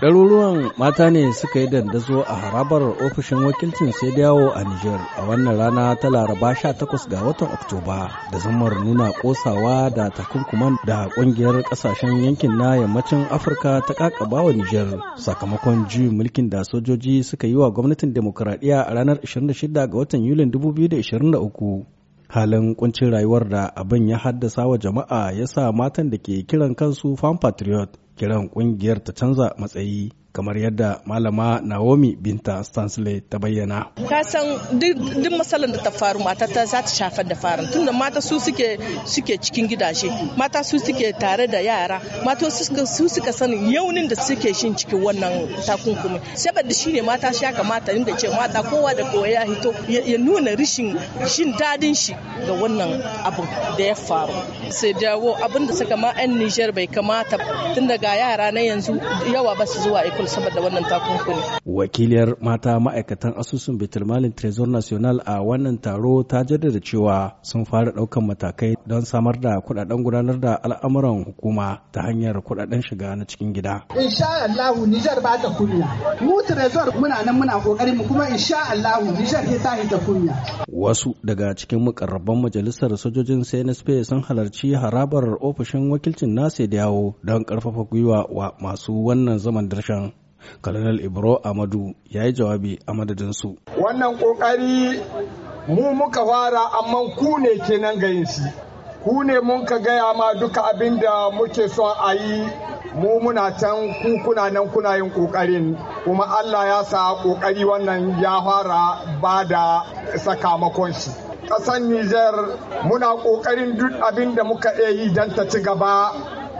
Ɗaruruwan mata ne suka yi dandazo a harabar ofishin wakilcin sai dawo a Nijar a wannan rana ta Laraba 18 ga watan Oktoba da zamar nuna kosawa da takunkuman da ƙungiyar ƙasashen yankin na yammacin Afirka ta ƙaƙabawa Nijar sakamakon juyin mulkin da sojoji suka yi wa gwamnatin demokuraɗiyya a ranar 26 ga watan Yulin 2023. halin kuncin rayuwar da abin ya haddasa wa jama'a ya sa matan da ke kiran kansu fan patriot kiran kungiyar ta canza matsayi kamar yadda malama Naomi Binta Stansley ta bayyana. kasan san duk matsalar da ta faru mata ta za ta shafar da farin tunda mata su suke cikin gidaje mata su suke tare da yara mata su suka sani yaunin da suke shin cikin wannan takunkumi saboda shi mata shi haka mata inda ce mata kowa da kowa ya hito ya nuna rishin shin dadin shi ga wannan abu da ya faru sai dawo abin da suka ma Nijar bai kamata tun daga yara na yanzu yawa ba su zuwa ikul saboda wannan takunkumi. Wakiliyar mata ma'aikatan asusun Betulmalin Trezor National a wannan taro ta jaddada cewa sun fara ɗaukan matakai don samar da kuɗaɗen gudanar da al'amuran hukuma ta hanyar kuɗaɗen shiga na cikin gida. Insha Allahu Nijar ba ta kunya. Mu Trezor muna nan muna ƙoƙarin mu kuma insha Allahu Nijar ta kunya. wasu daga cikin mukarraban majalisar sojojin cnsp sun halarci harabar ofishin wakilcin nasa da yawo don karfafa gwiwa wa masu wannan zaman darshan Kalanar Ibro Amadu ya yi jawabi a madadinsu. Wannan kokari mu muka fara amma ku ne kenan ga yin shi. Ku ne mun ka gaya ma duka abin da muke son a yi mu muna can ku kuna nan kuna yin kokarin kuma Allah ya sa kokari wannan ya fara ba da sakamakon shi ƙasar Nijar muna ƙoƙarin duk abin da muka iya yi don ta ci gaba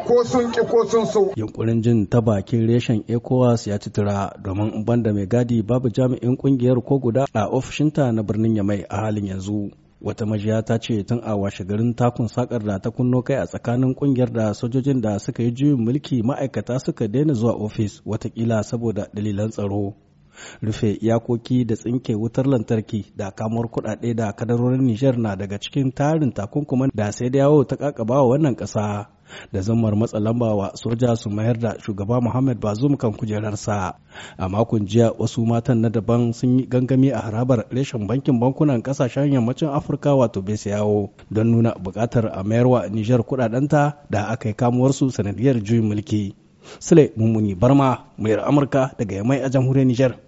ko sun ki ko sun so. Yunkurin jin ta bakin reshen ECOWAS ya ci domin banda mai gadi babu jami'in kungiyar ko guda a ofishinta na birnin Yamai a halin yanzu. wata majiya ta ce tun a washe garin takun sakar da ta kunno kai a tsakanin kungiyar da sojojin da suka yi juyin mulki ma'aikata suka daina zuwa ofis watakila saboda dalilan tsaro rufe iyakoki da tsinke wutar lantarki da kamuwar kuɗaɗe da kadarorin nijar na daga cikin tarin takunkuman da sai da yawo ta kakaba wannan ƙasa da zammar matsa lamba wa soja su mayar da shugaba Muhammad Bazoum kan kujerarsa. A makon jiya wasu matan na daban sun yi gangami a harabar reshen bankin bankunan kasashen yammacin Afirka wato Yawo, don nuna bukatar a mayar wa Nijar kudadenta da aka yi kamuwarsu sanadiyar juyin mulki. Sule Mummuni Barma, mayar Amurka daga Yamai a jamhuriyar Nijar.